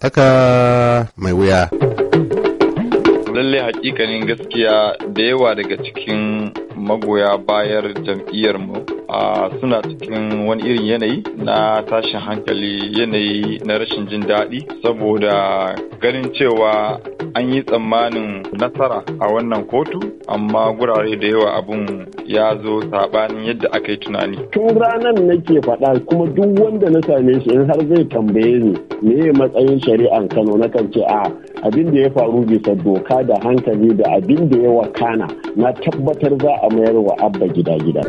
tsaka mai wuya. lallai hakikanin gaskiya da yawa daga cikin magoya bayar jam'iyyarmu suna cikin wani irin yanayi na tashin hankali yanayi na rashin jin daɗi saboda ganin cewa an yi tsammanin nasara a wannan kotu amma gurare da yawa abun ya zo sabanin yadda aka yi tunani. Tun ranar nake faɗa kuma duk wanda na same shi in har zai tambaye ni me matsayin shari'an Kano na kan ce a abin da ya faru bisa doka da hankali da abin da ya wakana na tabbatar za a mayar wa abba gida-gida.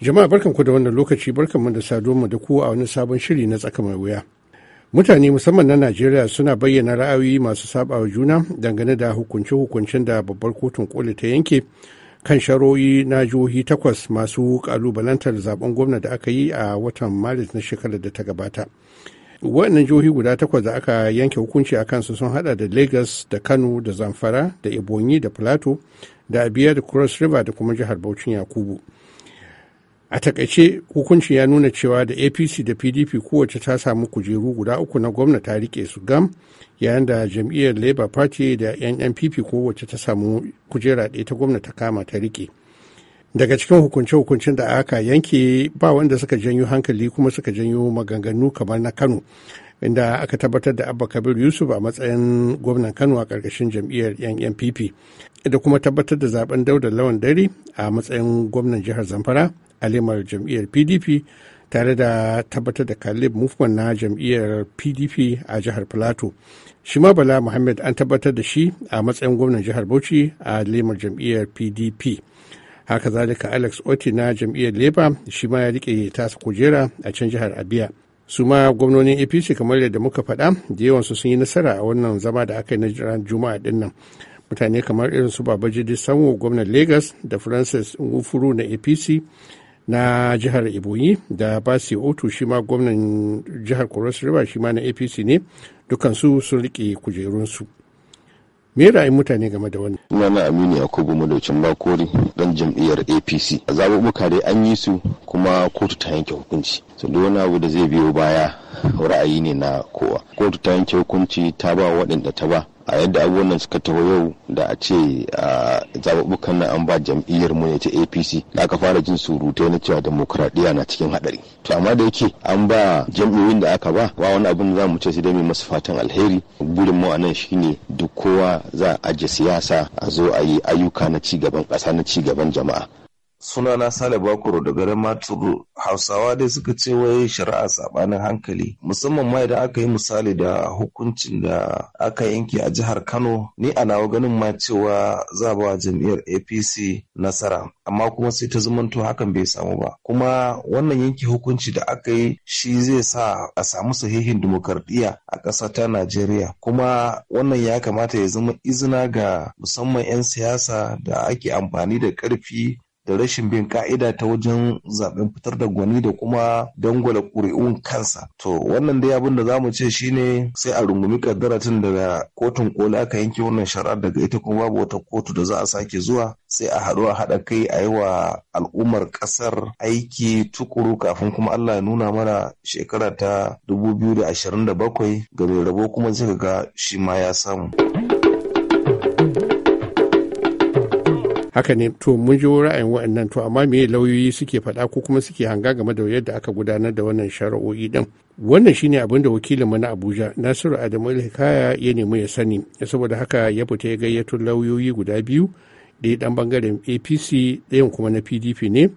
Jama'a barkanku da wannan lokaci barkanmu da saduwa da ku a wani sabon shiri na tsaka mai wuya. mutane musamman na najeriya suna bayyana ra'ayoyi masu sabawa juna dangane da hukunce-hukuncen da babbar kotun koli ta yanke kan sharoyi na jihohi takwas masu kalubalantar zaben gwamna da aka yi a watan maris na shekarar da ta gabata waɗannan jihohi guda takwas da aka yanke hukunci a kansu sun hada da lagos da kano da zamfara da ebonyi da plateau da abia da cross river da kuma jihar bauchin yakubu a takaice hukuncin ya nuna cewa da apc da pdp kowace ta samu kujeru guda uku na gwamna ta rike su gam yayin da jam'iyyar labour party da nnpp kowace ta samu kujera ɗaya ta gwamna ta kama ta rike daga cikin hukunce-hukuncen da aka yanke ba wanda suka janyo hankali kuma suka janyo maganganu kamar na kano inda aka tabbatar da abba kabir yusuf a matsayin gwamnan kano a ƙarƙashin jam'iyyar NNPP. da kuma tabbatar da zaben dauda lawan dare a matsayin gwamnan jihar zamfara a lemar jam'iyyar pdp tare da tabbatar da kalib movement na jam'iyyar pdp a jihar plateau shi ma bala muhammad an tabbatar da shi a matsayin gwamnan jihar bauchi a lemar jam'iyyar pdp haka zalika alex oti na jam'iyyar leba shi ma ya rike tasa kujera a can jihar abia su ma gwamnonin apc kamar yadda muka faɗa da yawansu sun yi nasara a wannan zama da aka yi na juma'a dinnan mutane kamar irin su babajide sanwo gwamnan lagos da francis ngufuru na apc na jihar iboyi da basi otu shi ma gwamnan jihar cross river shi ma na apc ne dukansu sun rike kujerunsu me ra'ayin mutane game da wannan sunana aminu yakubu madaucin makori dan jam'iyyar apc a zaɓuɓɓuka dai an yi su kuma kotu ta yanke hukunci su wani abu da zai biyo baya ra'ayi ne na kowa kotu ta yanke hukunci ta ba waɗanda ta ba a yadda abubuwan nan suka taho yau da a ce a zaɓuɓɓukan nan an ba jam'iyyar mu ne ta apc da aka fara jin surutai na cewa demokuraɗiyya na cikin haɗari to amma da yake an ba jam'iyyoyin da aka ba ba wani abin za mu ce sai dai masu fatan alheri burin mu a nan shine duk kowa za a aje siyasa a zo a yi ayyuka na cigaban gaban ƙasa na ci gaban jama'a sunana sale bakuru da garin maturu, hausawa dai suka ce wai shari'a sabanin hankali musamman ma idan aka yi misali da hukuncin da aka yanke a jihar kano ni a nawa ganin ma cewa za ba jam'iyyar apc nasara amma kuma sai ta zumanto hakan bai samu ba kuma wannan yanke hukunci da aka yi shi zai sa a samu sahihin dimokuraɗiyya a ƙasa ta najeriya kuma wannan ya kamata ya zama izina ga musamman 'yan siyasa da ake amfani da ƙarfi da rashin bin ka'ida ta wajen zaben fitar da gwani da kuma dangwala ƙuri'un kansa to wannan dai abin da zamu ce shine sai a rungumi kaddaratin daga kotun koli aka yanke wannan shari'ar daga ita kuma babu wata kotu da za a sake zuwa sai a haɗu a haɗa kai a yi wa al'ummar ƙasar aiki tukuru kafin kuma Allah ya nuna mana shekara ta bakwai ga mai rabo kuma zai ga shi ma ya samu. haka ne to mun ji ra'ayin waɗannan to amma me lauyoyi suke faɗa ko kuma suke hanga game da yadda aka gudanar da wannan shari'o'i din wannan shine abin da wakilinmu na abuja nasiru adamu hikaya ya nemi ya sani saboda haka ya fita ya gayyato lauyoyi guda biyu ɗaya dan bangaren apc ɗayan kuma na pdp ne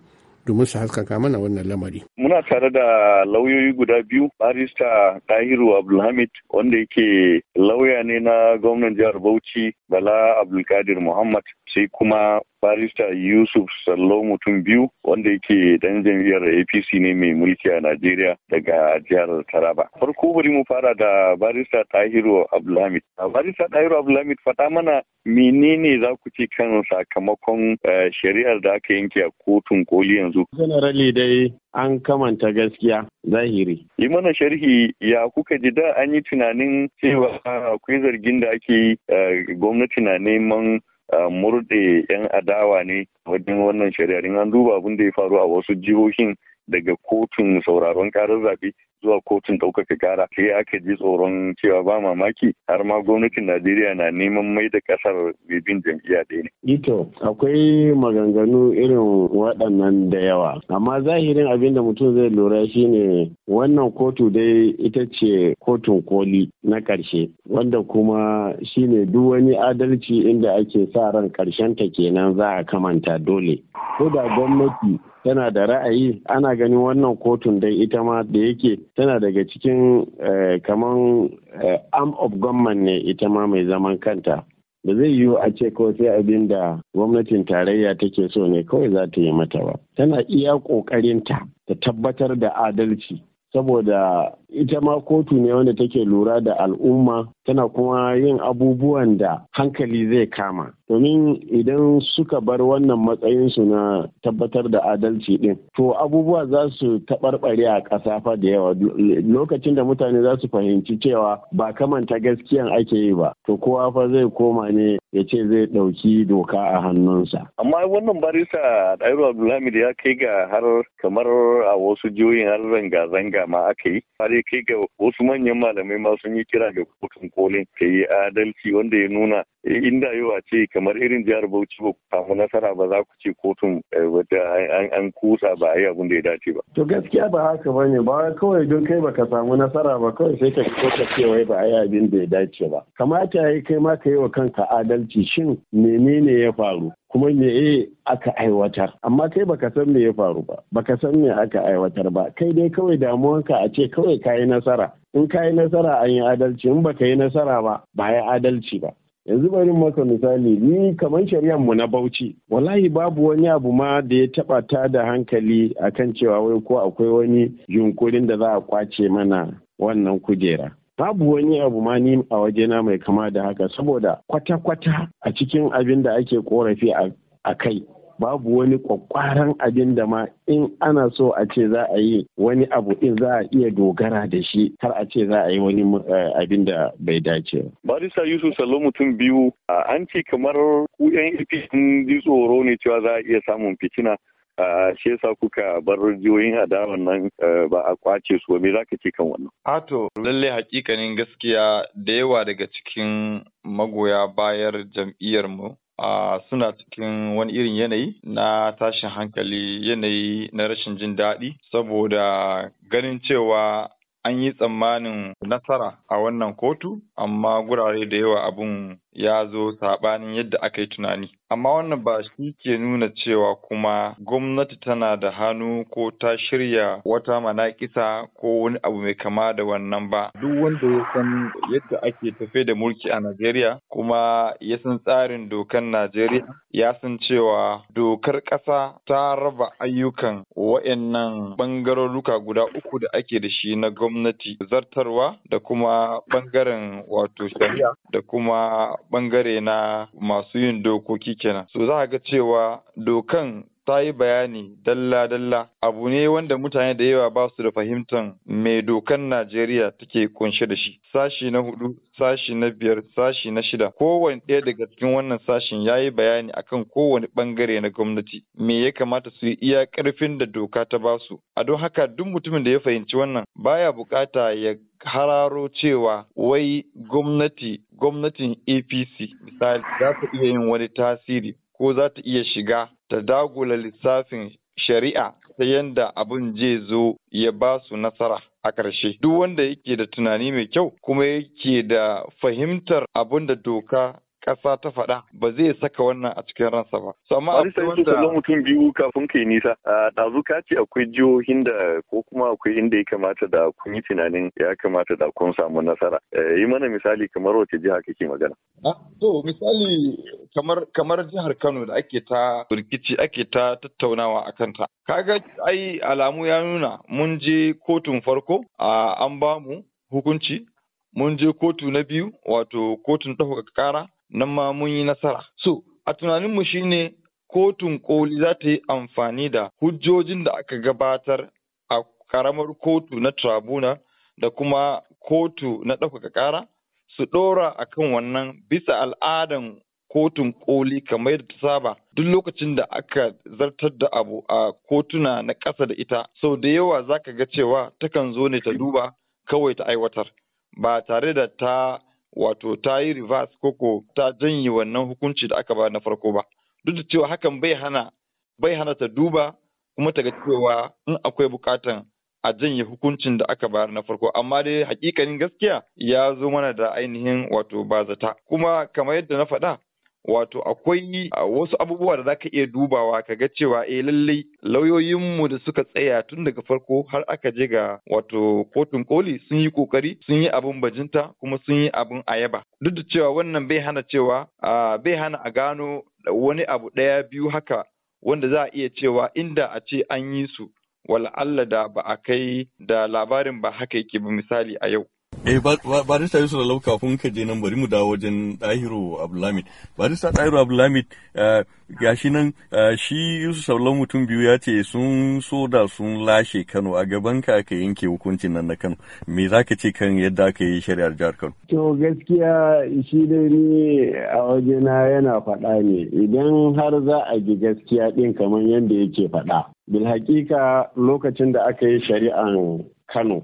domin su haskaka mana wannan lamari. Muna tare da lauyoyi guda biyu, barista Tahiru Abdulhamid wanda yake lauya ne na gwamnan jihar Bauchi Bala Abdulkadir Muhammad sai kuma barista Yusuf Sallo mutum biyu wanda yake dan jam'iyyar APC ne mai mulki a Najeriya daga jihar Taraba. Farko bari mu fara da barista Tahiru Abdulhamid. Barista Tahiru Abdulhamid faɗa mana menene za ku ci kan sakamakon eh, shari'ar da aka yanke a kotun koli yanzu? Generally dai an kamanta gaskiya zahiri. Yi mana sharhi ya kuka ji da an yi tunanin cewa akwai zargin da ake eh, gwamnati na neman murɗe 'yan adawa ne wajen wannan shari'a in an duba abin da ya faru a wasu jihohin daga kotun sauraron karar zaɓe zuwa kotun ɗaukaka gara sai aka ji tsoron cewa ba mamaki har ma gwamnatin najeriya na neman mai da ƙasar bibin jam'iyya ɗaya ne. ito akwai maganganu irin waɗannan da yawa amma zahirin abinda mutum zai lura shine wannan kotu dai ita ce kotun koli na ƙarshe wanda kuma shine duk wani adalci inda ake sa ran ƙarshen ta kenan za a kamanta dole ko da gwamnati tana da ra'ayi ana ganin wannan kotun dai ita ma da yake tana daga cikin eh, kaman eh, arm of government ne ita ma mai zaman kanta ba zai yiwu a ce ko sai abin da gwamnatin tarayya take so ne kawai za ta yi mata ba tana iya ƙoƙarinta ta tabbatar da adalci saboda ita ma kotu ne wanda take lura da al'umma tana kuma yin abubuwan da hankali zai kama domin idan suka bar wannan matsayinsu na tabbatar da adalci din to abubuwa za su taɓarɓare a ƙasa fa da yawa lokacin da mutane za su fahimci cewa ba kamanta gaskiyan ake yi ba to kowa fa zai koma ne ya ce zai ɗauki doka a hannunsa. Amma wannan barista Ɗairu Abdulhamid ya kai ga har kamar a wasu jihohin har zanga-zanga ma aka yi. Har ya kai ga wasu manyan malamai ma sun yi kira ga kotun kolin ta yi adalci wanda ya nuna inda yau a ce kamar irin jihar Bauchi ba ku samu nasara ba za ku ce kotun eh, wata an kusa ba a yi abin da ya dace ba. To gaskiya ba haka ba ne ba kawai don kai baka samu nasara ba kawai sai ka fito ka ce wai ba a yi abin da ya dace ba. Kamata ya yi kai ma ka yi wa kanka adalci shin menene ya faru? kuma me eh, aka aiwatar amma kai baka san me ya faru ba baka san me aka aiwatar ba kai dai kawai damuwanka a ce kawai ka yi nasara in ka yi nasara an yi adalci in ba ka yi nasara ba ba yi adalci ba yanzu bari maka misali ni kamar shari'ar mu na bauchi wallahi babu wani abu ma da ya taba ta da hankali akan cewa wai ko akwai wani yunkurin da za a kwace mana wannan kujera babu wani abu ma ni a wajena mai kama da haka saboda kwata-kwata a cikin abin da ake korafi a kai babu wani kwakwaran abin da ma in ana so a ce za a yi wani abu in za a iya dogara da shi har a ce za a yi wani eh, abin da bai dace. Barista Yusuf Salo mutum biyu an ce kamar ku 'yan ifi ji tsoro ne cewa za a iya samun fitina a shi yasa kuka bar jihohin adawan nan eh, ba a kwace su me zaka ce kan wannan ato lalle hakikanin gaskiya da yawa daga cikin magoya bayar jam'iyyar mu a suna cikin wani irin yanayi na tashin hankali yanayi na rashin jin daɗi saboda ganin cewa an yi tsammanin nasara a wannan kotu amma gurare da yawa abun ya zo saɓanin yadda aka yi tunani. Amma wannan ba shi ke nuna cewa kuma gwamnati tana da hannu ko ta shirya wata manaƙisa ko wani abu mai kama da wannan ba. Duk wanda ya san yadda ake tafe da mulki a Najeriya kuma ya san tsarin dokan Najeriya ya san cewa dokar ƙasa ta raba ayyukan wa'annan ɓangaroruka guda uku da ake da shi na gwamnati zartarwa da kuma bangaren wato shari'a da kuma Ɓangare na masu yin dokoki kenan so za a ga cewa dokan ta yi bayani dalla-dalla abu ne wanda mutane da yawa ba su da fahimtar mai dokan Najeriya take kunshe da shi. Sashi na hudu, sashi na biyar, sashi na shida. Kowane ɗaya daga cikin wannan sashin ya yi bayani akan kowane ɓangare na gwamnati. Me ya kamata su yi iya ƙarfin da doka ta ba su. A don haka duk mutumin da ya fahimci wannan baya bukata ya hararo cewa wai gwamnati gwamnatin APC misali za ta iya yin wani tasiri ko za ta iya shiga Da dagula lissafin shari'a ta yadda abin zai zo ya ba su nasara a ƙarshe. Duk wanda yake da tunani mai kyau kuma yake da fahimtar abin da doka ƙasa ta faɗa ba zai saka wannan a cikin ransa ba. So, amma akwai wanda... Wani mutum biyu kafin ka yi nisa. Ɗazu ka ce akwai jihohin da ko kuma akwai inda ya kamata da kun yi tunanin ya kamata da kun samu nasara. Eh, yi mana misali kamar wace jiha kake magana. Ah, to misali kamar kamar jihar Kano da ake ta rikici ake ta tattaunawa akan ta kaga ai alamu ya nuna mun je kotun farko A an ba mu hukunci mun je kotu na biyu wato kotun ɗaukaka kara nan ma mun yi nasara so a tunaninmu shine kotun koli za ta yi amfani da hujjojin da aka gabatar a karamar kotu na trabuna da kuma kotu na ɗaukaka ƙara su ɗora a kan wannan bisa al'adan kotun koli kamar yadda ta saba duk lokacin da aka zartar da abu a kotuna na ƙasa da ita sau da yawa za ka ga cewa takan zo ne ta duba kawai ta aiwatar ba tare da ta wato ta yi reverse koko ta janye wannan hukunci da aka ba na farko ba duk da cewa hakan bai hana bai hana ta duba kuma ta ga cewa in akwai bukatan a janye hukuncin da aka bayar na farko amma dai hakikanin gaskiya ya zo mana da ainihin wato bazata kuma kamar yadda na faɗa wato akwai wasu abubuwa da zaka iya dubawa ka ga cewa eh lallai lauyoyinmu da suka tsaya tun daga farko har aka je ga wato kotun koli sun yi kokari sun yi abin bajinta kuma sun yi abin ayaba duk da cewa wannan bai hana cewa bai hana a gano wani abu ɗaya biyu haka wanda za a iya cewa inda a ce an yi su "Wala Allah da ba a kai da labarin ba haka yake ba misali a yau Eh barista Yusuf Lalau kafin ka je nan bari mu dawo wajen Dahiru Abdulhamid. Barista Dahiru Abdulhamid eh, gashi nan eh, shi Yusuf Lalau mutum biyu ya ce sun so da sun lashe Kano a gaban ka aka yanke hukuncin nan na Kano. Me za ka ce kan yadda aka yi shari'ar jihar Kano? To gaskiya shi da ni a wajena yana faɗa ne idan har za a ji gaskiya ɗin kamar yadda yake faɗa. Bilhaƙiƙa lokacin da aka yi shari'ar Kano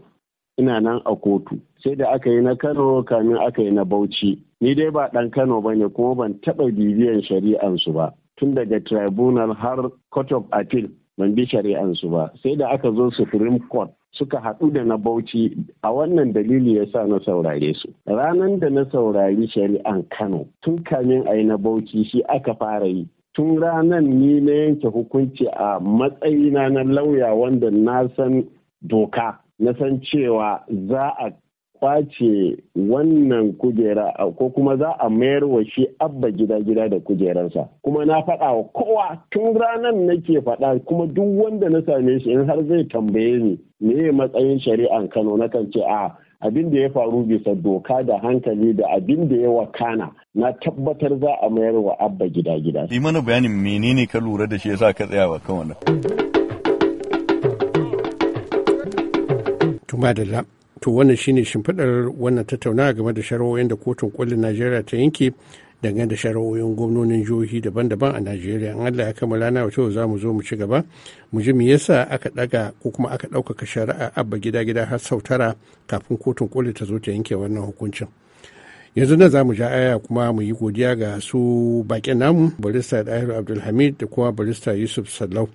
ina nan a kotu sai da aka yi na kano kamin aka yi na bauchi ni dai ba ɗan kano ba ne kuma ban taɓa bibiyan shari'an su ba tun daga tribunal har court of appeal ban bi shari'an su ba sai da aka zo supreme court suka haɗu da na bauchi a wannan dalili ya sa na saurare su Ranan da na saurari shari'an kano tun kamin a yi na bauchi shi aka fara yi tun ranar ni na yanke hukunci a matsayina na lauya wanda na san doka na san cewa za a kwace wannan kujera ko kuma za a mayar wa shi abba gida-gida da kujeransa kuma na faɗa wa kowa tun ranar nake faɗa kuma duk wanda na same shi in har zai tambaye ni me matsayin shari'an kano na kan ce a abin da ya faru bisa doka da hankali da abin da ya wakana na tabbatar za a mayar wa abba gida-gida. Yi mana bayanin menene ka lura da shi yasa ka tsaya kan wannan. Tuma da To wannan shine shimfiɗar wannan tattaunawa game da shari'o'in da kotun kolin Najeriya ta yanke dangane da shari'o'in gwamnonin jihohi daban-daban a Najeriya. In Allah ya kammala lana wato za mu zo mu ci gaba mu ji me yasa aka daga ko kuma aka ɗaukaka shari'a abba gida-gida har sau tara kafin kotun koli ta zo ta yanke wannan hukuncin. yanzu nan za mu ja aya kuma mu yi godiya ga su baƙin namu barista ɗahiru abdulhamid da kuma barista yusuf sallau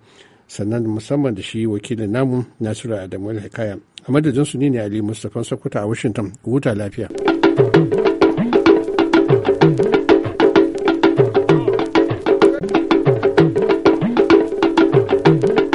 sannan musamman da shi wakilin namu nasiru adamu alhikaya a madadin su ne ne ali mustapha sokoto a washington huta lafiya